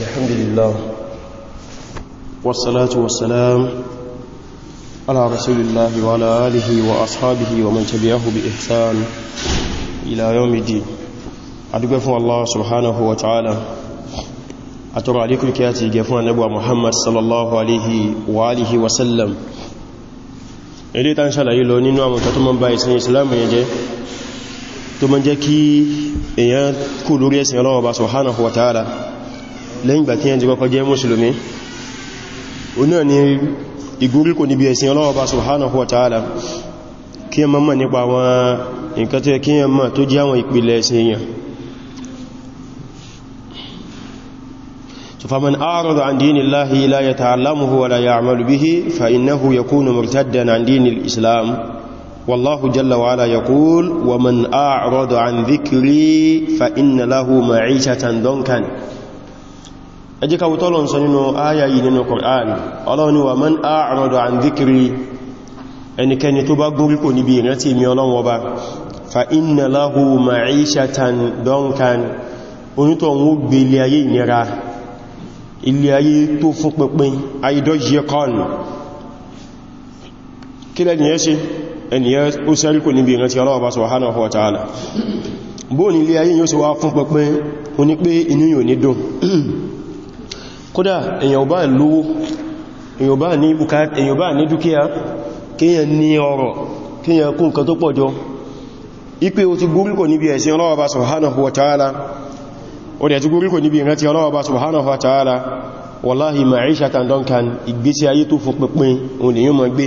الحمد لله والصلاة والسلام على رسول الله وعلى آله وأصحابه ومن تبعه بإحسان إلى يوم الدين أدقفوا الله سبحانه وتعالى أترى عليكم كياتي قفوا نبوى محمد صلى الله عليه وآله وسلم إليت أن شاء الله يلونين ومتتمم بإسلام يجي tó mọ́ jẹ́ kí èyàn kú lórí ẹ̀sìn Ọlọ́run bá subhanahu wa ta'ala lẹ́yìn gbà tí yẹn ti kọ́kọ́ jẹ́ mùsùlùmí o náà ni ìgúrí kò níbi ẹ̀sìn Ọlọ́run bá subhanahu wa ta'ala kí yẹn mọ́ nípa àwọn nǹkan tó yẹ kí yẹn mọ́ tó jẹ́ àwọn ìpìlẹ̀ ẹ̀sìn èyàn فمن أعرض عن دين الله لا يتعلمه ولا يعمل به فإنه يكون مرتدا عن دين الإسلام والله جل وعلا يقول ومن أعرض عن ذكري فإن له معيشة ضنكا أجيك وطول سنين آية ينين القرآن الله ومن أعرض عن ذكري أن كان يتبقرك نبيرتي ميولان وبا فإن له معيشة ضنكا onítọ̀ ń gbé ilé ayé ìnira ilé ayé tó fún pínpín àìdọ́jì ẹkọ́nù kí lẹ́ni ẹ́ ènìyàn ó sẹ́ríkò níbi ìrántí ọlọ́ọ̀bá subhanahu wa ta'ala bó ní ilé ayé yóò sì wá fún pẹpẹ oní pé inú yóò ní dùn kódà èyàn bá lówó èyàn bá ní dúkìá kíyàn ní ọrọ̀ kíyàn kún nǹkan tó pọ̀jọ ipé o ti gúríkò níbi ẹ̀sìn ọlọ́ọ̀bá wallahi ma'ishatan dunkan ìgbésí ayé tó fún pínpín òun yíò mọ̀ gbé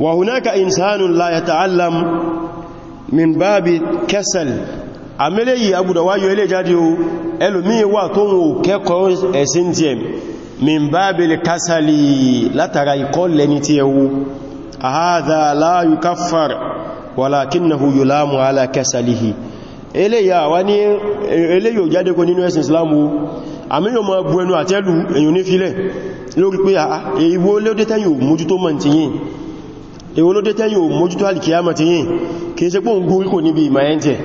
وهناك إنسان لا يتعلم من باب كسل àmìlẹ́yìí agbùdọ̀wáyọ̀ ilé jáde o ẹlòmíì wà tó ń kẹ́kọ̀ọ́ ẹ̀sìn tí ẹm min bábil kásàlì látara ìkọ́lẹ̀ ní tí ẹwú àhádà láàyù káfàr wàlákínnahu yùlámù ala kásàlìhì eléyìí jáde kò nínú ẹ̀sìn islamu àmì yóò máa bu ẹnu àtẹ́lù èyàn ní filẹ̀ lórí pé ìwó lódé tẹ́yìn mójútó mọ̀ tí yìí èwo ló dé tẹ́yìn ò mójútó alìkìyàmọ̀ ti yìn kìí ṣe pé òun gúrí kò níbi ìmọ̀ ẹ̀ntẹ̀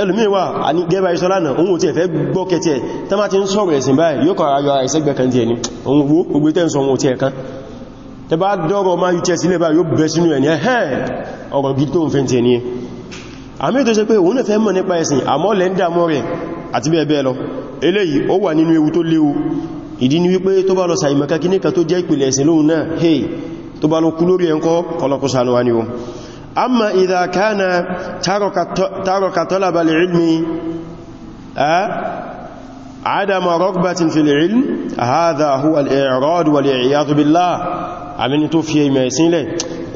ẹlùmíwà àní gẹ́bà iṣọ́ lánàá òun ò tí ẹ̀fẹ́ gbọ́kẹtẹ̀ tán bá ti ń sọ̀rọ̀ ẹ̀sìn báyìí yóò kọ̀rọ̀ ayọ́ àìsẹ́gbẹ̀ kan ti ẹni òun wo gbogbo tẹ́ ń sọ òun ò tí ẹ̀ká tẹ bá dọ́rọ̀ ma yú tẹ́sílẹ̀ bá yóò bẹ́ sínú ẹni ẹ̀hẹ́ ọ̀rọ̀ gidi tó bá lọ kú lórí ẹnkọ́ kọlọkùsànú wa ni o amma عدم رغبة في العلم هذا هو الإعراض والإعياذ بالله àmìnì tó fi ẹ̀mẹ̀ ìsìnlẹ̀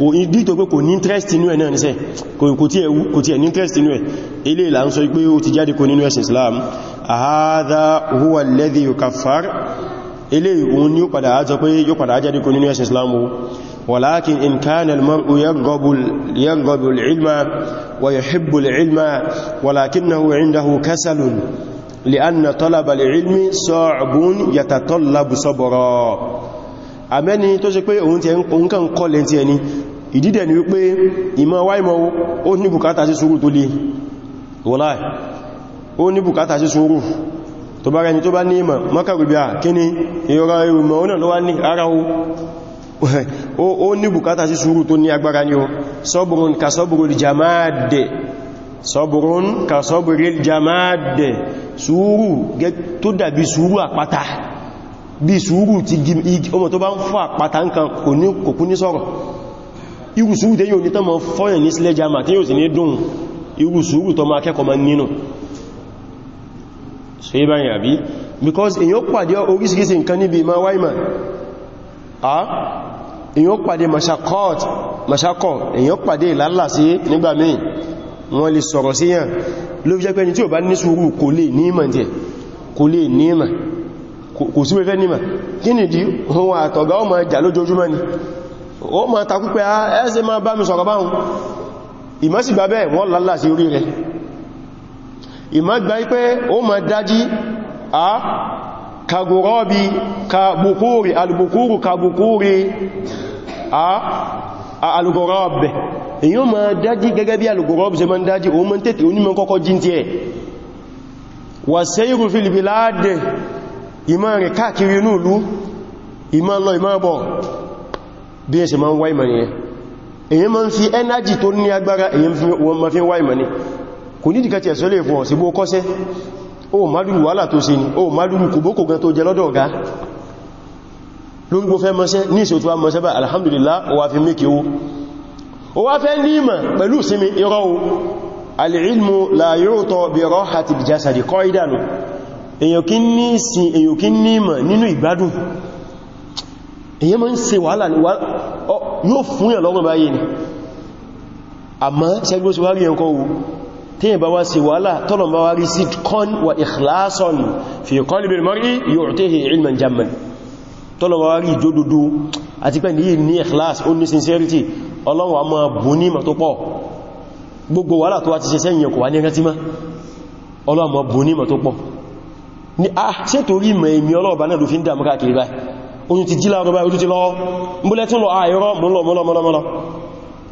kò ìdí tó pé kò ní interest inú ẹ̀ náà ní sẹ́ kò tí ẹ̀ ní interest inú ẹ̀ ilé ìlà ń sọ pé ó ti jáde kò nínú ẹ̀sìn Islam hadha huwa alladhi yukaffar ilé ìhun ni ó padà á pé yóò padà á jáde nínú ẹ̀sìn Islam ولكن إن كان المرء يرغب, يرغب العلم ويحب العلم ولكنه عنده كسل لأن طلب العلم صعب يتطلب صبرا àmẹ́ni tó أنت pé òun tí ẹ̀yìn kan kọ́ lẹ́ tí ẹni ìdídẹ̀ ni wípé ìmọ̀ wáìmọ̀ ó ní bùkátà sí sùúrù tó lè wọ́láì ó ní bùkátà sí sùúrù tó bá rẹni tó bá ní ìmọ̀ mọ́kàrùbíà kí ni ìrọ̀ ìrùmọ̀ ó náà lọ́wọ́ ní ara ó ní bùkátà sí sùúrù tó ní agbára ní o sọ́bùrún ka sọ́bùrún jamaade sọ́bùrún ka sọ́bùrún jamaade sùúrù tó dàbí sùúrù àpáta bí sùúrù ti ọmọ tó bá ń fọ́ àpáta nǹkan kò ní kòkú ní sọ̀rọ̀ irú sùúrù tẹ́yìn òní tán mọ́ fọ́yàn ní sílẹ̀ jama tí yóò sì ní dùn irú sùúrù tó máa kẹ́kọ̀ọ́ máa nínú ṣe báyìí àbí because èyàn pàdé orísìírísìí nǹkan níbi ma wáìmà èyàn pàdé mashakọ̀ èyàn pàdé ìlàlà sí nígbà míì wọ́n lè sọ̀rọ̀ sí yàn ló fi jẹ́ pé ẹni tí ò bá ní sùúrù kò lè nímọ̀ jẹ́ kò lè nímọ̀ kò sí wẹ́fẹ́ nímọ̀ kí ni dí ohun àtọ̀gá ọmọ ẹjà lójoojúmọ́ ni ó ma takú pé ah, ẹ́sẹ̀ máa bá mi sọ̀rọ̀ báhùn ìmọ́sì bá bẹ́ẹ̀ wọ́n lálà sí orí rẹ̀ ìmọ́ gbá pé ó ma dájí a ah, kagorobi kabukuri albukuru kabukuri a algorob èyí o ma dájí gẹ́gẹ́ bí algorob ṣe ma dájí o ma tètè onímọ̀ kọ́kọ́ jíntí ẹ̀ wà sẹ́yìrù filibi láàdẹ̀ ìmọ̀ rẹ̀ káàkiri inú ìlú ìmọ̀ lọ ìmọ̀ bọ̀ bí ẹ ṣe ma ń wá ìmọ̀ nìyẹn ma fi ẹnájì tó ní agbára èyí ma fi wá ìmọ̀ ní kò ní dìkàtì ẹ̀sọ́lẹ̀ fún ọ̀sẹ̀ ó márùrù wàhálà tó ṣe ni ó márùrù kòbókò gan tó jẹ lọ́dọ̀ ọ̀gá lórí gbó fẹ́ mọ́ṣẹ́ ní ìṣòtú wa mọ́ṣẹ́ bá alhamdulillah ó wá fi mékè ó ó wá fẹ́ ní ìmọ̀ pẹ̀lú ìsinmi irọ́ o al-ilmu la yu'ta bi rahati al-jasadi kọ́ ìdánù èyàn kí ní ìsìn èyàn kí ní ìmọ̀ nínú ìgbádùn èyàn mọ́ ń ṣe wàhálà ní yóò fún yàn lọ́rùn báyìí ni àmọ́ ṣẹ́gbóṣùwárí ẹ̀kọ́ wo tíyàn bá wá sí wàhálà tọ́lọ̀ bá wá rí sídkọ́n wa ikhlason fi qalbi al-mar'i yu'tihi ilman jamman tọ́lọ̀ bá wá rí ìjódòdó àti pẹ́ ní ní ikhlas ó ní sincerity ọlọ́wọ́ a máa bú ní màtó pọ̀ gbogbo wàhálà tó wá ti ṣe sẹ́yìn kò wá ní rántí má ọlọ́wọ́ a máa bú ní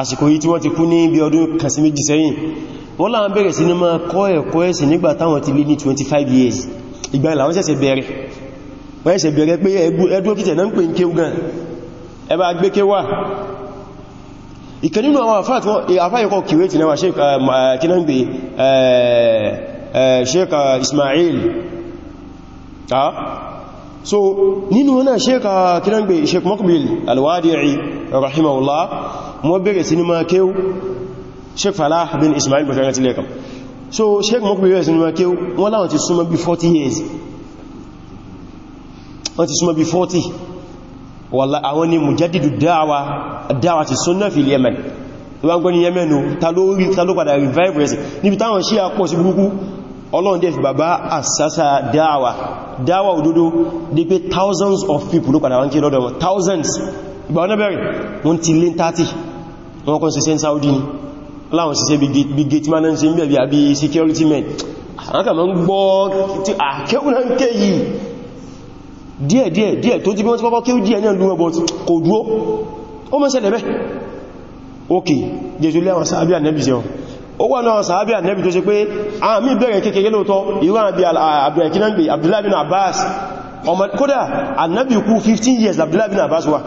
àsìkò yìí tí wọ́n ti kú ní bí ọdún kan sí méjì sẹ́yìn wọ́n láwọn bẹ̀rẹ̀ sí ní máa kọ́ ẹ̀kọ́ ẹ̀sìn nígbà táwọn ti lé ní 25 years ìgbà ìlàwọ́n ṣẹ̀ṣẹ̀ bẹ̀rẹ̀ wọ́n ṣẹ̀ṣẹ̀ bẹ̀rẹ̀ pé ẹgbẹ́ kìtẹ̀ náà ń pè ń kéwú gan ẹba gbé kéwà ìkẹ́ nínú àwọn àfáyẹ̀kọ́ kìrẹ́tì náà Sheikh eh, eh, eh, Ismail so nínú wọn náà Sheikh kìrẹ́gbẹ̀ Sheikh Mokbil Al-Wadi'i rahimahullah wọ́n bẹ̀rẹ̀ sí ní máa kéwú Sheikh Falah bin Ismail bukari ti lẹ́kàn so Sheikh mọ́ bẹ̀rẹ̀ sí ní máa kéwú wọ́n láwọn ti súnmọ́ bí 40 years wọ́n ti súnmọ́ bí 40 wàlá àwọn ni mujaddidu dáwà dáwà ti súnnà fi Yemen wọ́n gbọ́ ní Yemen o ta ló rí ta ló padà revive rẹ̀ sí níbi táwọn ṣí àpọ̀ thousands of people ló padà wọ́n kí lọ́dọ̀ thousands ìgbà wọn bẹ̀rẹ̀ wọ́n ti wọ́n kọ́ ṣiṣẹ́ Saudi ni láwọn ṣiṣẹ́ bí gate man ṣe ń bẹ̀bẹ̀ àbí security men àwọn kàmọ́ ń gbọ́ tí àkẹ́kùnà ń ké yìí díẹ̀ díẹ̀ díẹ̀ tó jí bí wọ́n ti kọ́kọ́ kéwú díẹ̀ ní ọlúwọ́ but kò dúó ó mọ́ ṣẹlẹ̀ bẹ́ ok jésù lé àwọn sàábí ànẹ́bì sí ọ ó wà náà sàábí ànẹ́bì tó ṣe pé àwọn mí bẹ̀rẹ̀ kékeré lóòtọ́ ìwọ́n àbí Abdullahi bin Abbas kódà ànẹ́bì kú 15 years Abdullahi bin Abbas wà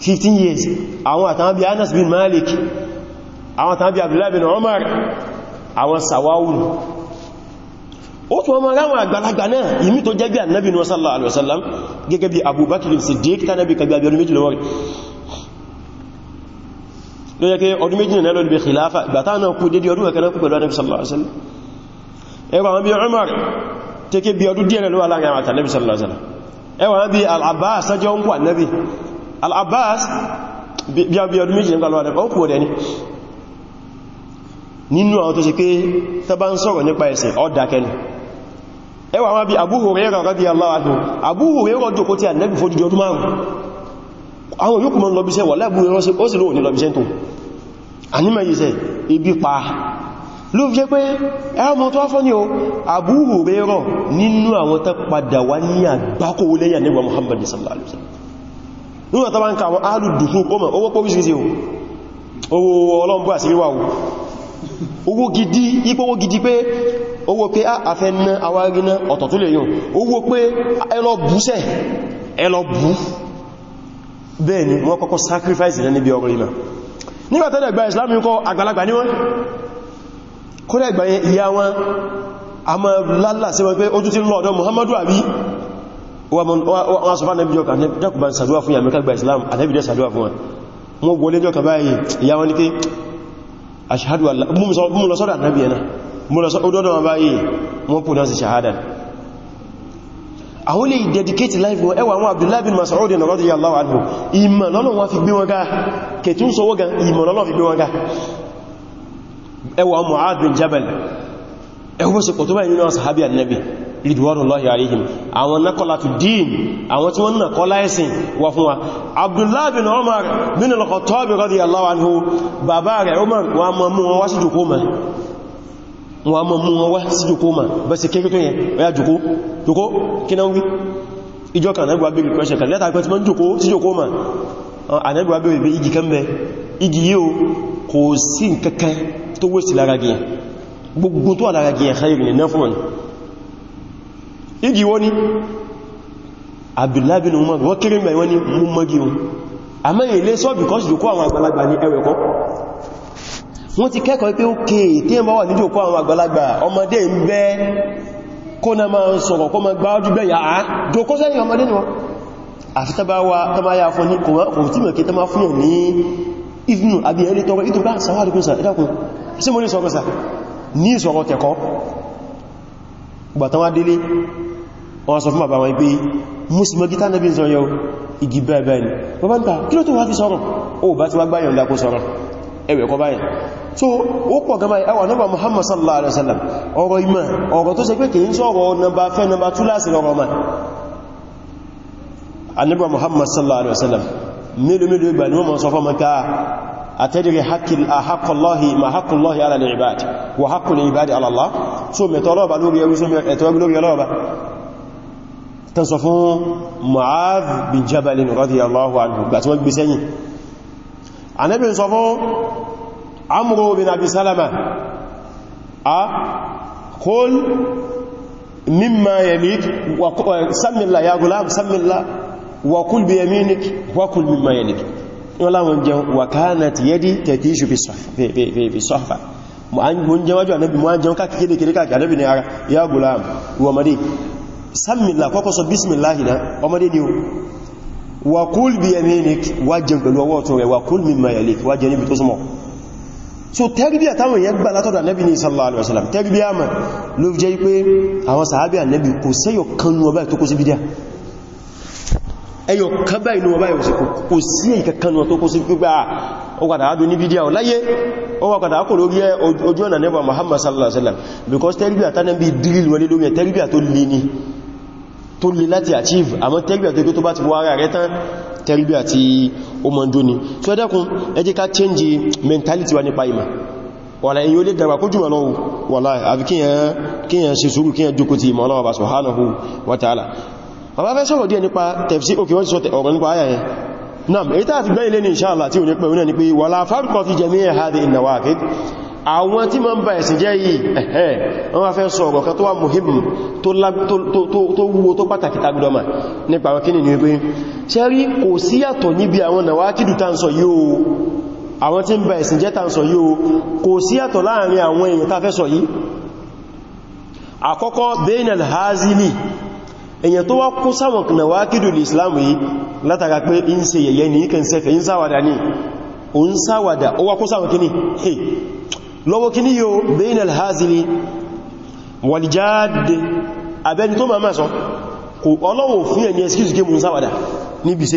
15 years àwọn àtàwọn bí Anas bin Malik àwọn àtàwọn bí Abdullah bin Umar àwọn sàwáwùn ó tún ọmọ ráwọn àgbàlagbà náà ìmí tó jẹ́ bí annabi ní sallallahu alaihi wasallam gẹ́gẹ́ bí Abubakar Siddiq tánàbí kàbí abẹ́rún méjì lọ́wọ́rì ló yẹ kí ọdún méjì náà lọ́lùbẹ̀ khilafa ìgbàtà náà kú dédé ọdún ẹ̀kẹ́ náà kú pẹ̀lú annabi sallallahu alaihi wasallam ẹwà wọn bí Umar tẹ́kẹ́ bí ọdún díẹ̀ lọ́wọ́ aláàrin àwọn àtàlẹ́bì sallallahu alaihi wasallam ẹwà wọn bí Al-Abbas sájọ́ ń kú annabi al-abbas bí i ọdún méjì nípa lọ́wọ́ ọkù ọdẹ ni nínú àwọn tó ṣe pé tọba ń sọ̀rọ̀ nípa ẹ̀sìn ọdákẹni ẹwà wọn bí Abu Hurairah radiyallahu anhu Abu Hurairah jòkó tí Ànábì fójú ọdún márùn àwọn yóò kùmọ̀ lọ́bíṣẹ́ wà láàbù ẹ̀rọ ó sì lóò ní lọ́bíṣẹ́ tó ànímọ̀ yìí sẹ́ ibi pa ló fi jẹ́ pé ẹ̀rọmọ tó wá fọ́ nígbà tó bá ń ka àwọn alùdùkú kọmọ̀ owó pọ̀ wíṣìí owó ọlọ́mbọ́ àsìríwá owó gidi ipò owó gidi pé owó pé àfẹ́ ah, ná awáríná ọ̀tọ̀ tó lè yàn owó pé ẹlọ búṣẹ̀ ẹlọ bú bẹ́ẹ̀ ni wọ́n kọ́kọ́ sacrifice rẹ̀ níbi ọ̀rọ̀ ìmà nígbà tẹ́lẹ̀ gba Islam yíkọ́ àgbàlagbà ní wọ́n kó lẹ́gbà ìyá wọn a máa lálà sí wọn pé ojú ti lọ́ọ̀dọ̀ Muhammadu àbí wọ́n sọ fún ànẹ́bí jọ́kà jọ́kùbá sàdúwà fún yàmẹ́ká gba islam ànẹ́bí jẹ́ sàdúwà fún wọn mọ́ wọlé jọ́kà báyìí ìyá wọn ní pé ashhadu an la mú lọ sọ́dọ̀ ànẹ́bí ẹ̀nà mú lọ sọ́dọ̀ wọn báyìí wọ́n pù náà sí shahada àwọn lè dedicate life wọn ẹwà àwọn Abdullah bin Mas'ud radiyallahu anhu ìmọ̀ lọ́lọ́ wọn fi gbé wọn ga kẹtún sọwọ́ gan ìmọ̀ lọ́lọ́ fi gbé wọn ga ẹwà Mu'adh bin Jabal ẹwọ́ sí pọ̀tọ́ báyìí nínú àwọn sàhábí annabi ridwanullahi alaihim àwọn nakọlatu dín àwọn tí wọ́n nakọlá ẹ̀sìn wà fún wa abdullahi bin umar bin al-khattab radiyallahu anhu bàbá rẹ̀ umar wọ́n mọ́ mú wọn wá sí jòkó ma wọ́n mọ́ mú wọn wá sí jòkó ma bẹ́ sí kéré tó yẹn ọya jòkó jòkó kí gbogbo tó àlára gẹ̀ẹ́ khairu ní náfún igi wọ́n ni Abdullah bin Umar wọ́n kiri mẹ́ wọ́n ni mú mọ́gí wọn a mẹ́rin ilé sọ́ bíkọ́ sí jókó àwọn àgbàlagbà ní ẹwẹ̀ kọ́ wọ́n ti kẹ́kọ̀ọ́ pé ókè tí ẹ bá wà ní jókó àwọn àgbàlagbà ọmọdé ń bẹ kó na máa ń sọ̀rọ̀ kó ma gbáwájú bẹ́ yà á ah, jókó sẹ́yìn ọmọdé ni wọ́n àfi sí mo ní sọ́kọ̀sà ní ìsọ̀rọ̀ tẹ̀kọ́ gbàtán wá délé wọ́n sọ fún bàbá wọn pé musulmi gítà náà bí sọ igi bẹ́ẹ̀bẹ́ẹ̀ ni bàbá ń ta kí ló tó wá fi sọ̀rọ̀ o bá ti wá gbáyàn lákó sọ̀rọ̀ ẹwẹ̀ kọ báyìí so ó pọ̀ gama ẹwà nọ́bà Muhammad sallallahu alaihi wasallam ọ̀rọ̀ ìmọ̀ ọ̀rọ̀ tó ṣe pé kìí sọ̀rọ̀ nọba fẹ́ nọba túláàsì lọ́rọ̀ ma Muhammad sallallahu alaihi wasallam mélòó mélòó ìgbà ni wọ́n mọ̀ sọ أتدري حق آه، حق الله ما حق الله على العباد وحق العباد على الله ثم طلب لوري ثم طلب لوري لوري تصفون معاذ بن جبل رضي الله عنه باتوك بسني عن ابن صفون عمرو بن ابي سلمة آه، قل مما يليك سم الله يا غلام سم الله وقل بيمينك وقل مما يليك wọ́n láwọn jẹun wàkánà ti yẹ́dí tẹ̀tí ìṣù fi sọ́fà mo ń jẹun wájú ànábì mo ń jẹun káàkiri kiri káàkiri ànábì ní ara ya gulam wọmọdé sàmìlá kọ́kọ́ sọ bísmìláhì náà ọmọdé ni wà kúl bí yaminik wá jẹun pẹ̀lú so tẹ́rìbíà táwọn èèyàn gbà látọ̀dọ̀ ànábì sallallahu alaihi wasallam tẹ́rìbíà mà ló jẹ́ pé àwọn sàábì ànábì kò sẹ́yọ̀ ẹyọ kábà inú ọba ìwòsí kò sí ìkẹkànnà tó kó sí gbígbà ọgbàdà adó ní bídíà láyé ọwàkàdà kò lórí ojú ọ̀nà nẹ́bà Muhammad sallallahu because tẹ́rìbíà tánàbí dìrìl wọlé lórí tẹ́rìbíà tó lè ní tó lè láti achieve àmọ́ tẹ́rìbíà tó tó bá ti wá ara rẹ̀ tán tẹ́rìbíà tí ó mentality wa nípa ìmọ̀ wàlá èyí ó lè dàgbà kó jùmọ̀ lọ́wọ́ wàlá àfi kíyàn ṣe sùúrù kíyàn jókòó ti ìmọ̀ ọlọ́wọ́ bá subhanahu wa ta'ala bàbá fẹ́ sọ̀rọ̀ díẹ̀ nípa tẹ̀fsí òkè wọ́n ti sọ ọ̀rọ̀ nípa ayà yẹn náà èyí tàà ti gbẹ́ ilé ní inshallah tí ò ní pẹ̀ ní pé wala farqa fi jami'i hadhihi an-nawaqid àwọn tí ma ń ba ẹ̀sìn jẹ́ yìí ẹ̀ẹ́ wọ́n wá fẹ́ sọ ọ̀rọ̀ kan tó wà muhim tó wúwo tó pàtàkì tagudọ́mà nípa àwọn kíni ní wípé ṣe rí kò sí àkọ́kọ́ bainal hazili èyàn tó wá kó sáwọn kìnàwà kìdùlù islamu yìí látara pé in ṣe yẹ̀yẹ́ ní ikẹ̀ sẹ́fẹ̀ in sáwàdà ní o ń sáwàdà ó wá kó sáwọn kìní he lọ́wọ́ kìní yóò bẹ́yìn alhazili wàlìjáde abẹni tó máa máa sọ kò ọlọ́wọ̀ fún ẹni excuse gé mú ń sáwàdà níbi ṣe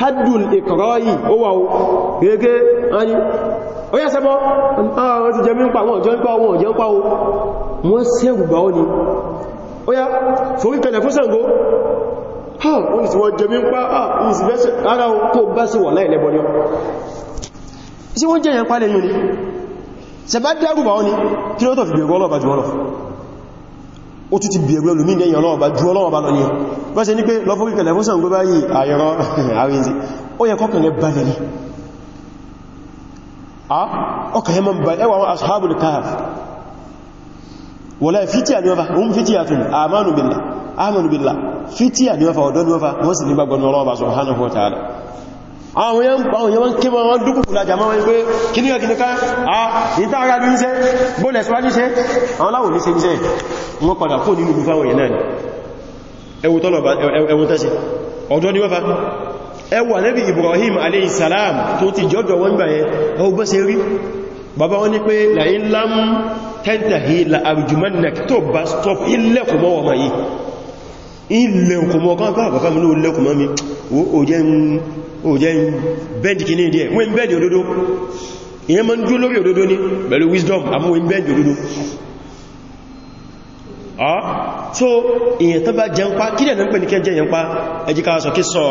haddul ikrayi ó wà ó gẹ́gẹ́ ẹni ó yá sẹ́bọ́ àwọn ah, ti jẹmí ń pa wọn jọ ń pa wọn jọ ń pa wọn sẹ́gbùgbà ó ni ó yá forí kẹlẹ̀ fún Ṣàngó ha wọ́n ah, sì wọ́n jẹmí Ah, pa ìsìnbẹ́sẹ̀ ara kó bá sí wà láìlẹ́bọ̀ ni ó sí wọ́n jẹ́ yẹn pálẹ̀ yìí ni sẹ́bá dárùbà ó ni kí ló tọ̀ fi gbẹ̀rọ ọlọ́bàjú ọlọ́fà ó tún ti bèèrè olùmí ìdẹ́yìn ọlọ́ọ̀bá ju ọlọ́ọ̀bá lọ ní bá ṣe ní pé lọ fórí kẹlẹ̀ fúnsàn gbọ́bá yìí àyẹ̀rọ àríyìnzí ó yẹ kọkànlẹ̀ balẹ̀ ní ọkànlẹ̀ mọ́ bá ẹwà wọn ashabul kahf wọ́lá fítíà ní ọfà oún fítíà tún amanu billah amanu billah fítíà ní ọfà ọ̀dọ́ ní ọfà wọ́n sì àwọn èèyàn kí wọ́n wọ́n dúkùkù lájà mọ́ wọ́n pé kí ní ọkìníká à ìta ara bí iṣẹ́ bóòlẹ̀ síwájú iṣẹ́ àwọn láwọn oníṣẹ́ iṣẹ́ wọ́n padà kó nínú ìlú ni wọ́fà ẹwà Ànábì Ibrahim alayhi salam tó ti jọ́jọ wọ́n gbà yẹn ẹwù bọ́ sí rí bàbá wọn ní pé la'in lam tantahi la'arjumannak tó bá stop ilẹ̀kùnmọ́wọ̀ ilẹ̀ òkùnmọ̀ kan pàá kọ̀kọ́ mú lẹ́kùn mọ́ mi ó jẹ́ bẹ́ndì kì ní ìdí ẹ̀ wọ́n ń bẹ́ndì òdodo ìyẹn mọ́ ń dú lórí òdodo ní pẹ̀lú wisdom àmúwẹ́ ń bẹ́ndì òdodo ah, so sọ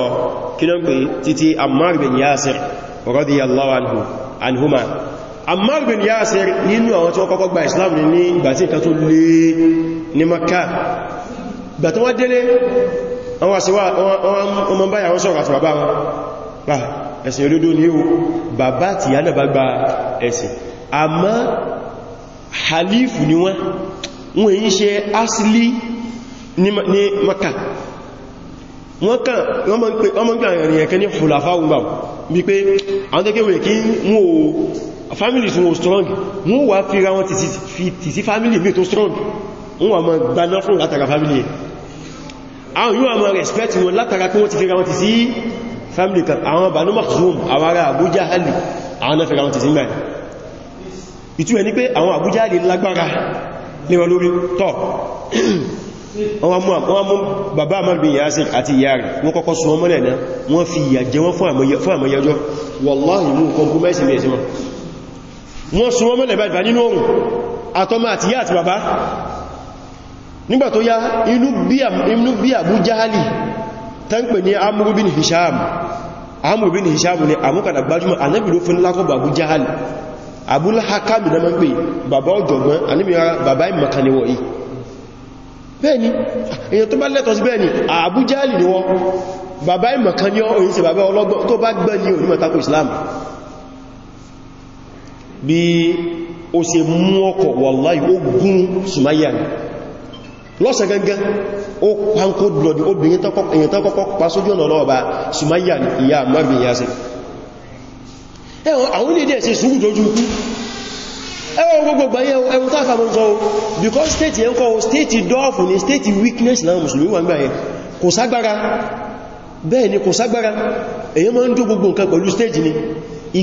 Ammar bin Yasir nínú àwọn tí wọ́n kọ́kọ́ gba Islam ní ìgbà tí ìkan tó ní gbà tó wọ́n délé àwọn àṣíwá ọmọ báyà wọ́n sọ̀rọ̀ àti bàbá wọn pa ah, ẹ̀sìn olódó ní o bàbá àti ìyá náà bá gba ẹ̀sìn àmọ́ halifu ni wọ́n wọ́n yí ṣe asili ní maka wọ́n kàn wọ́n mọ́ ń pè ẹ̀kẹ́ ní fòlàfà family tí wọ́n strong wọ́n wà fíra wọn tìsí family mi tó strong wọ́n wà mọ́ gbaná fún látara àwọn yíò àmọ́ respect wọn látara pé wọ́n ti fẹ́ra wọn ti sí family kan àwọn Banu Makhzum àwọn ará Abu Jahl àwọn náà fẹ́ra wọn ti sí mẹ́rin ìtú ẹni pé àwọn Abu Jahl lágbára léwọ lórí tọ́ wọ́n mú bàbá Ammar bin Yasir àti ìyá rẹ̀ wọ́n kọ́kọ́ sọ ọmọ lẹ́nà wọ́n wallahi mú compromise ní ẹ̀sìn wọn wọ́n sọ ọmọ lẹ́bàá nínú oòrùn àtọmọ nígbà tó yá inú bí Abu Jahali tán pè ní Hisham Amru bin Hisham ni àmúkàdà gbájúmọ̀ Ànábì ló fún lákọ̀bọ̀ Abu Jahali Abu na mọ́ pé bàbá ọ̀jọ̀gbọ́n Ànábì bàbá ìmọ̀kaniwọ̀ yìí bẹ́ẹ̀ni èyàn tó bá lẹ́tọ̀ sí bẹ́ẹ̀ni Abu Jahali ni wọ́n bàbá ìmọ̀kaniwọ̀ òyìn sí bàbá Islam bí ó ṣe mú ọkọ̀ wallahi lọ́sẹ̀ gangan ó pánkó blood obìnrin èyàn tán kọ́kọ́ pa sójú ọ̀nà ọlọ́ọ̀bá Sumayya ìyá Ammar bin Yasir ẹwọ́n àwọn ilé ẹ̀sẹ̀ sùúrù lójú ikú ẹwọ́n gbogbo gbáyẹ ẹwọ́n tàfà mọ́ sọ because state yẹn kọ́ steeti dọ́ọ̀fù ni steeti weakness náà mùsùlùmí wà ń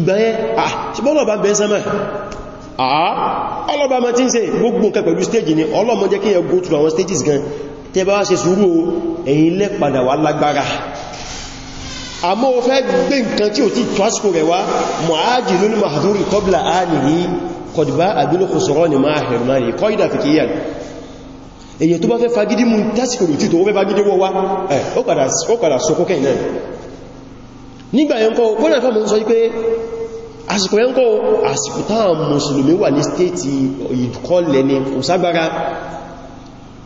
gbáyẹ àá ọlọ́bàá ma ti ń ṣe gbogbo nǹkan pẹ̀lú stage ni ọlọ́mọ jẹ́ kí yẹ go through àwọn stages gan tẹ bá ṣe sùúrù ẹ̀yin lẹ́ padà wà lágbára àmọ́ o fẹ́ gbé nǹkan tí ò tí tọ́síkò rẹ̀ wá mọ̀ájì lónìí mahadúrí kọbílà ánìyí kọdùbá àbílòkòsọ̀rọ̀ ni máa hẹ̀rùn náà kọ́ ìdàfikíyà èyàn tó bá fẹ́ fagídí mú tásìkò tí tó fẹ́ fagídí wọ́ wá ó padà sókókẹ́ náà nígbà yẹn kọ́ kọ́nà fẹ́ mọ́ sọ pé àsìkò yẹn kọ́ àsìkò táwọn mùsùlùmí wà ní stéètì ìkọlẹ̀ ni kò ságbára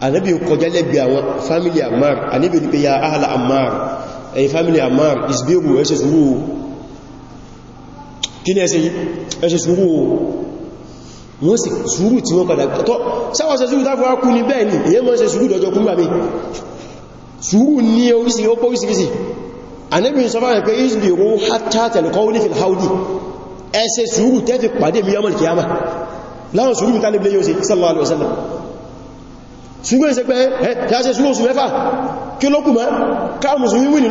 anábi kọjá lẹ́gbẹ̀ àwọn fámílì Ammar anábi ní pé ya ahla Ammar ẹ̀yí fámílì Ammar isbiru ẹ ṣe sùúrù kí ni ẹ ṣe sùúrù wọ́n sì sùúrù tí wọ́n padà tọ́ sáwọ́ ṣe sùúrù ni èyẹ mọ́ ṣe sùúrù dọjọ́ kú gbàmí sùúrù ní orísìí ó pọ̀ orísìí ẹ ṣe sùúrù tẹ́ fi pàdé mi yọmọ̀lì kìyàmà láwọn sùúrù mi tálébílé yóò ṣe sallallahu alaihi wasallam sùúrù ẹ̀ ṣe pé ẹ̀ tí a ṣe sùúrù oṣù mẹ́fà kí ló kù mọ́ káà mùsùlùmí wì ní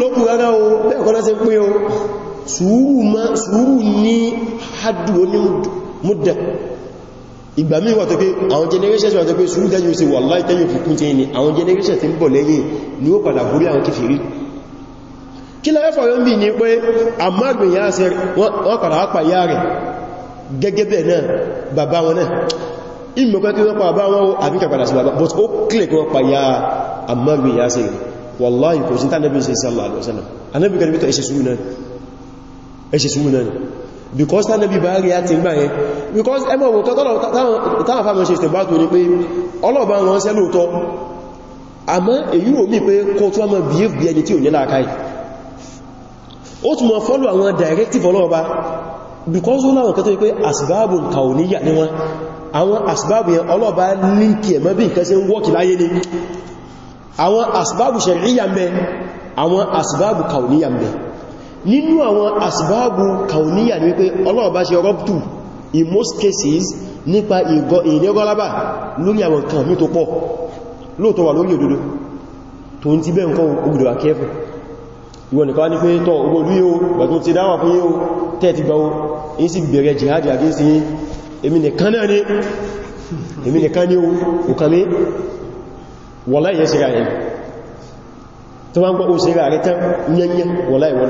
ló ìgbà míì wà tó pé àwọn generations wà tó pé sùúrù tẹ́yìn sí wà láì tẹ́yìn kún tẹ́yìn ni àwọn generations ti ń bọ̀ lẹ́yìn ni ó padà gúrí àwọn kìfèrí kí lẹ́rẹ́fà yóò bí ní pé àmọ́gbìn yá sí wọ́n kàrà ápà yá rẹ̀ gẹ́gẹ́ bẹ̀ náà bàbá wọn náà ìmọ̀kọ́ kí wọ́n pa bá wọn àbíkà padà sí bàbá but ó kílẹ̀ kí wọ́n pa yá àmọ́gbìn yá sí wallahi kò sí tánàbí sí sallallahu alaihi wasallam anábì kan bí tó ẹ̀ṣẹ̀ súnmù náà because tánàbí bá rí àti ìgbà yẹn because ẹmọ̀ òun tó tọ́lọ̀ táwọn fàmọ́ ṣe ìtẹ̀bá tó ní pé ọlọ́ọ̀bá wọn sẹ́lóòtọ́ àmọ́ èyí rò mí pé kó tó mọ́ bí i ẹni tí ò ní láàkáì ó tún mọ́ fọ́lù àwọn directive ọlọ́ọ̀bá because ó láwọn kẹtọ́ wípé asbábù kàuníyà ní wọn àwọn asbábù yẹn ọlọ́ọ̀bá líǹkì ẹ̀mọ́ bí nǹkan ṣe ń wọ́kì láyé ní àwọn asbábù ṣẹ̀ríyà ń bẹ àwọn asbábù kàuníyà ń bẹ nínú àwọn asbábù kàuníyà ní wípé ọlọ́ọ̀bá ṣe rọ́pùtù in most cases nípa ìdẹ́gọ́lábà lórí àwọn nǹkan mi tó pọ̀ lóòtọ́ wà lórí òdodo tó ń ti bẹ́ nǹkan ó gbọ́dọ̀ wà ìwọ̀n nìkan ní pé tọ́ ogun olú yíò gbàtún ti dáwà fún yíò tẹ́ẹ̀tì gbáwó in sì bẹ̀rẹ̀ jihadi àgbésí èmi nìkan náà ní èmi nìkan ní òkàmí wọ́lá ìyẹ́ síra rẹ̀ tó bá ń gbọ́ ó síra rẹ̀ tán yẹnyẹ wọ́lá ìwọ̀n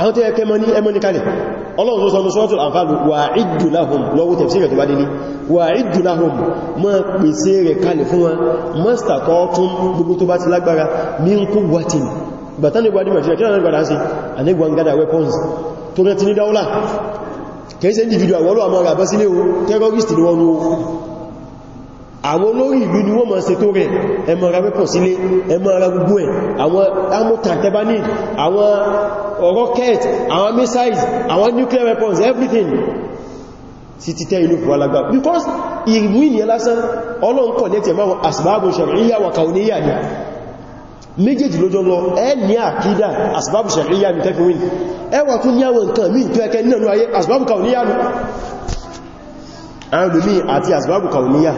àwọn tó yẹ kẹ́ mọ́ ní ẹmọ́ni kalẹ̀ ọlọ́run tó sọ́nà sọ́tọ̀ àǹfààlù wà ìdù láhùn lọ́wọ́ tẹ̀sílẹ̀ tó bá délé wà ìdù láhùn mọ́ pèsè rẹ̀ kalẹ̀ fún wọn mọ́sítà kọ́ tún gbogbo tó bá ti lágbára ní ń kó wàtín bàtánì gbádìí màjíríà kí ni wọ́n àwọn olórí ìlú ni wọ́n m'a ṣe tó rẹ̀ ẹmọ ara pẹ́pọ̀ sílé ẹmọ ara gbogbo ẹ̀ àwọn amótàn tẹbánì àwọn rocket àwọn missiles àwọn nuclear weapons everything sí ti tẹ́ inú fòwàlágbà because ìrìnmú ìnìyàn lásán ọlọ́run connect ẹ̀mọ́ àwọn asbábù shar'iyya wa kauniyya ni méjèèjì lójọ́ lọ ẹ ní àkídà asbábù shar'iyya ni tẹ́fì win ẹwà tún ní àwọn nǹkan mí tó ẹkẹ nínú ayé asbábù kauniyya ni àwọn olùmí àti asbábù kauniyya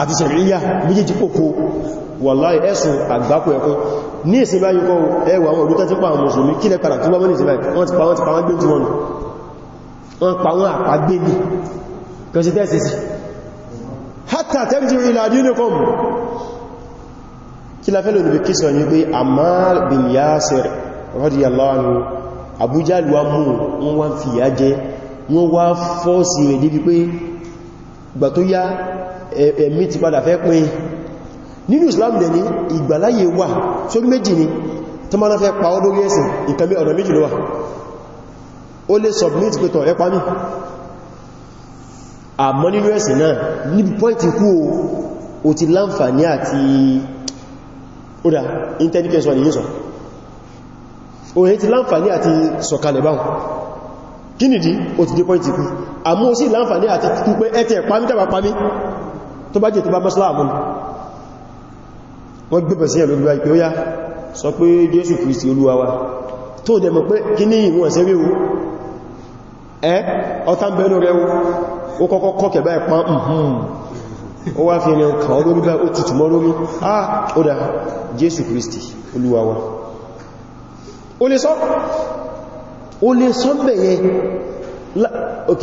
àti ṣẹ̀ríyà méjèèjì kòkó wàláì ẹ̀sùn àgbákò ẹ̀kọ́ ní ìsìn báyìí kọ́ ẹwà àwọn olùtẹ́ tí pàwọn mùsùlùmí kí lẹ padà tó bá mọ́lì ìsìnbáyìí wọ́n ti pàwọn ti pàwọn gbé jùmọ́nù wọ́n pàwọn àpagbébì kọsí tẹ́sìsì hátà tẹ́jì ila dinikum kí la fẹ́ lónìí kí sọ ní pé Ammar wọ́n wá gbà tó yá ẹ̀mí ti padà fẹ́ pín nínú Islam dẹ̀ ní ìgbàláyé wà sórí méjì ni tó máa fẹ́ pa ọdún ẹ̀sìn nǹkan mẹ́ ọ̀dọ̀ méjì ló wà ó lè submit pẹ̀tọ̀ ẹpa mi àmọ́ nínú ẹ̀sìn náà níbi pọ́ìntì kú o ti láǹfààní àti ódá intelligence wà ní yíso òyìn ti láǹfààní àti sọ̀kalẹ̀ báhùn kí nìdí o tó bá jẹ́ tó bá masla àmúlù wọ́n gbébẹ̀ sí ẹ̀lú ìgbà ó yá sọ pé Jésù Kristi Olúwa wa tó dẹ̀ mọ̀ pé kí ní ìwọ̀n ṣe rí ohun ẹ́ ọta ń bẹ̀ẹ́nù rẹ̀ ó kọ́kọ́ kọ́kẹ̀ báyìí pa ǹhún ó wá ah ó dá Kristi Olúwa wa ó lè sọ ó lè sọ bẹ̀yẹ ok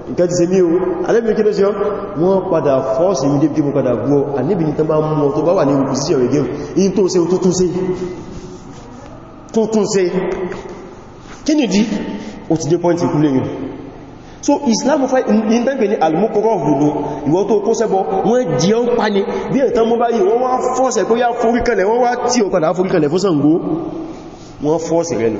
nǹkan ti ṣe mí o alẹ́bìnrin kí ló ṣe ọ́ wọ́n padà fọ́ọ̀sì ìmú débìdé mú padà gbọ́ àníbìnrin tán bá mú tó bá wà ní ìrùkú sí ọ̀rẹ́gẹ́ in tó ṣe tuntun ṣe kí ni dí o ti so Islam fa in tan pe ni almukoro hudu ìwọ tó kó sebo wọ́n di on pa ni bí e tan mo ba yi wọ́n wá force ko ya forí kanlẹ̀ wọ́n wá ti o padà forí kanlẹ̀ fo Ṣàngó wọ́n force rẹ̀ nu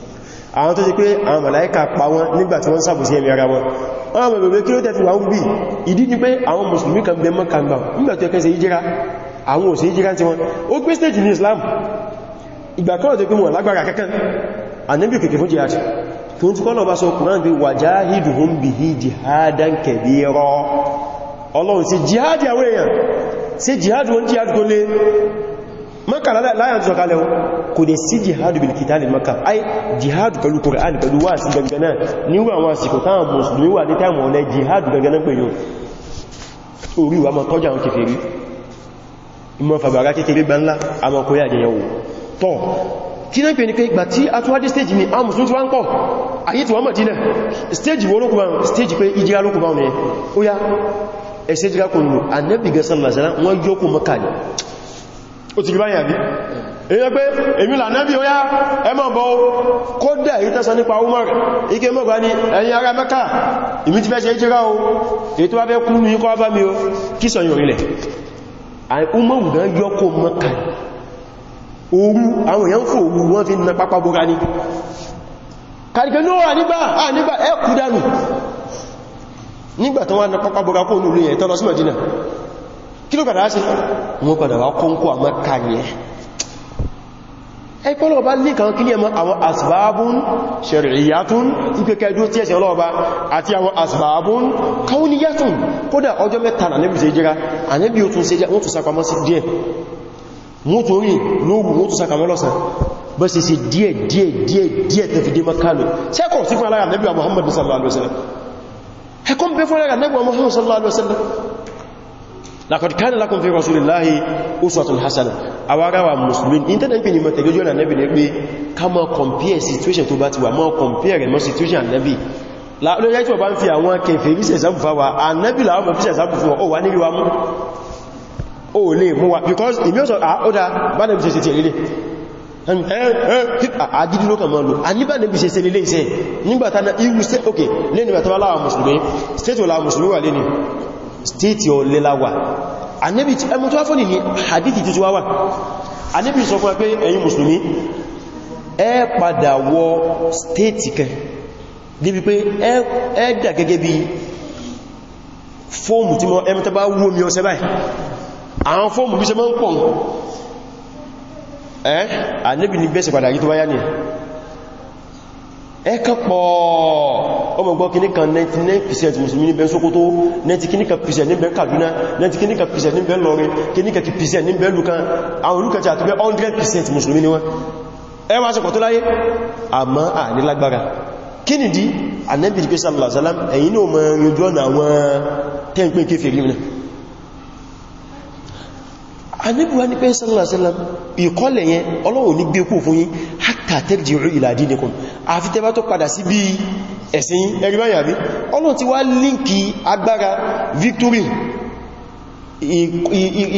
àwọn tó ti pé àwọn màláíkà pa wọn nígbàtí wọ́n sàbò sí ẹ̀mí ara wọn wọ́n mọ̀ bẹ̀bẹ̀ kí ló tẹ́ fi wà ń bí ìdí ni pé àwọn mùsùlùmí kan bẹ Mẹ́kà gbà nígbàtí ẹkẹ́ ṣe ìjíra àwọn ò ìjíra ti wọn ó gbé stage ní Islam ìgbà kan tó pé wọn kankan ànábì kèkè fún jihad jihad jihad maka láyà tó sọ̀kalẹ̀ kò dẹ̀ sí jihadu bil kitali maka ai jihadu pẹ̀lú kùránì pẹ̀lú wà sí gangana níwà àwọn àsìkò táwọn mùsùlùmí wà ní táwọn ọ̀lẹ́ jihadu gangana pẹ̀lú orí wa ma tọ́jà àwọn kèfèrí ìmọ̀ fàbàrá kékeré bá ńlá àmọ́ kò yà jẹyàn wò tọ́ kí stage ni àwọn mùsùlùmí wá ń pọ̀ stage wo lókùnbà stage pé ìjírá lókùnbà ọ̀nà ẹ̀ ó yá ẹ̀ṣẹ́ jíra kò nù anẹ́bìgẹ́sàn lásán wọ́n ó ti rí báyìí bí èyí pé èmi là náà bí ó yá ẹmọ bọ́ kódà èyí tẹ́sọ nípa Umar ike mọ́gbà ní ẹ̀yin ará Mẹ́kà ìmí ti fẹ́ ṣe ìjírá o èyí tó bá fẹ́ kú ní kọ́ bá mi o kí sọ̀yìn orílẹ̀ Umar gan yọ́kò na papa bóra ní kàríkẹ́ níwà nígbà nígbà ẹkù dánù nígbà na pápá bóra kó nù lè kí ló padà sí wọ́n padà wá kọ́nkọ́ àmọ́ kàníyẹ ẹgbọ́n ọba ní kan kí ní ẹmọ àwọn asbábún ṣẹ̀rìyàtún ìpẹ́kẹ́dó tí ẹ̀ṣẹ̀ ọlọ́ọba àti àwọn asbábún kauniyatun kódà ọjọ́ mẹ́ta nà nẹ́bì ṣe jẹ́ra ànẹ́bì ó tún ṣe jẹ́ wọ́n tún sapamọ́ sí díẹ̀ wọ́n tún rí lóòrùn wọ́n tún sapamọ́ lọ́sàn bọ́ sí sí díẹ̀ díẹ̀ Muhammad sallallahu alaihi لقد كان لكم في رسول الله أسوة حسنة awarawa muslimin in tẹ́lẹ̀ ń pè ní mọ̀tẹ̀lójú ọ̀nà nẹ́bì ní pé ká compare situation tó bá ti wà mọ́ compare mọ́ situation nabi lóyẹ́ tí wọ́n bá ń fi àwọn kẹfẹ̀ẹ́rí sẹ̀sáàbù fáwà ànẹ́bì láwọn mọ̀ fi sẹ̀sáàbù fún ọ wà nílé o wa because ìmí ọ̀sọ̀ àódá bá nẹ́bì sẹ̀sẹ̀ tẹ̀lé lé àgídí ló kàn mọ́ lò àníbà nẹ́bì okay lẹ́nìyàn tó wá láwọn mùsùlùmí state wà láwọn stéètì ọ̀lẹ́láwà anẹ́bì tí ẹmọ tó wá fọ́nì ní hadithi tó ti wá wà anẹ́bì sọ Muslimi, e pé ẹ̀yin mùsùlùmí ẹ padà pe e e da pé ẹ dà gẹ́gẹ́ bí fóòmù tí ba. tó bá wú omi ọsẹ báyìí àwọn fóòmù bí ṣe mọ́ ń pọ̀ ẹ́ anẹ́bì ní bẹ́sẹ̀ padà yí tó wáyá ní ẹ kàn pọ̀ ọmọ gbọ́ kìní kan 99% musulmi níbẹ̀ Sókótó 99% níbẹ̀ Kaduna 99% níbẹ̀ Lọrin 99% níbẹ̀ lukan àwọn olùkẹta àti pé 100% musulmi ni wọ́n ẹwà ṣe pọ̀ tó láyé àmọ́ ànílágbára kí nìdí Ànábì pé sallallahu alaihi wasallam ẹ̀yìn náà mọ̀ ẹ̀yìn ojú ọ̀nà àwọn tẹ́ anábíwá ní pé sallallahu Ikole wasallam ìkọlẹ̀ yẹn ọlọ́wọ̀ ní gbé kú fún yín hatta tarji'u ila dinikum àfi tẹ́bá tó padà sí bí ẹ̀sìn ẹgbẹ̀yàbí ọlọ́n ti wá líǹkì agbára victory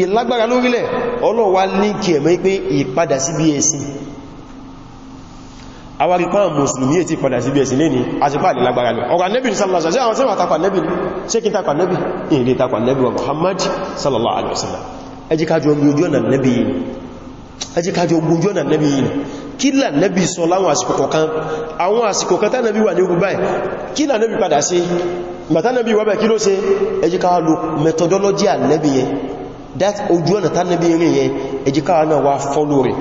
ìlágbára lórílẹ̀ ọlọ́n wá líǹkì ẹ̀mọ́ pé ìpadà sí bí ẹ̀sìn awari pa muslimi eti padà sí bí ẹ̀sìn leni asipa le lágbára le ọ̀rọ̀ nabi sallallahu alaihi wasallam ṣe àwọn ṣe wa ta pa nabi ṣe kin ta pa nabi in le ta pa nabi wa muhammad sallallahu alaihi wasallam ẹjí kájọ ojú ọ̀nà nẹ́bí yìí ẹjí kájọ ojú ọ̀nà nẹ́bí yìí kí là nẹ́bí sọ láwọn àsìkò kọ̀kan àwọn àsìkò kan tánàbí wà ní ogun báyìí kí là nẹ́bí padà sí màtánàbí wábẹ̀ kí ló ṣe ẹjí ká lo methodology ànẹ́bí yẹn that ojú ọ̀nà tánàbí rìn yẹn ẹjí ká náà wá follow rẹ̀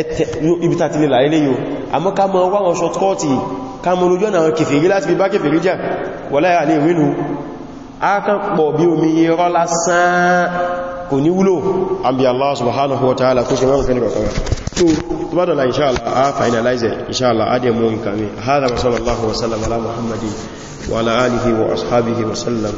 ẹ̀tẹ̀ ibi tàti lè láyé léyò àmọ́ ká mọ́ wá wọn aka kàn pọ̀ bí omi irọ́ lásán kò ní wúlò ambi Allah subhanahu wa ta'ala kó ṣe mọ́ ìfẹ́ nìkan kan tó tó bá dọ̀la inṣáàlá a finalize inṣáàlá a dẹ̀ mú nǹkan mi hada wa sallallahu wa sallam ala muhammadi wa ala alihi wa ashabihi wa sallam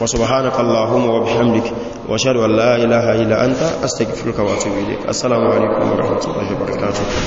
wa subhanaka wa bihamdik wa ashhadu wa la ilaha illa anta astaghfiruka wa atubu ilayk assalamu alaikum wa rahmatullahi wa barakatuh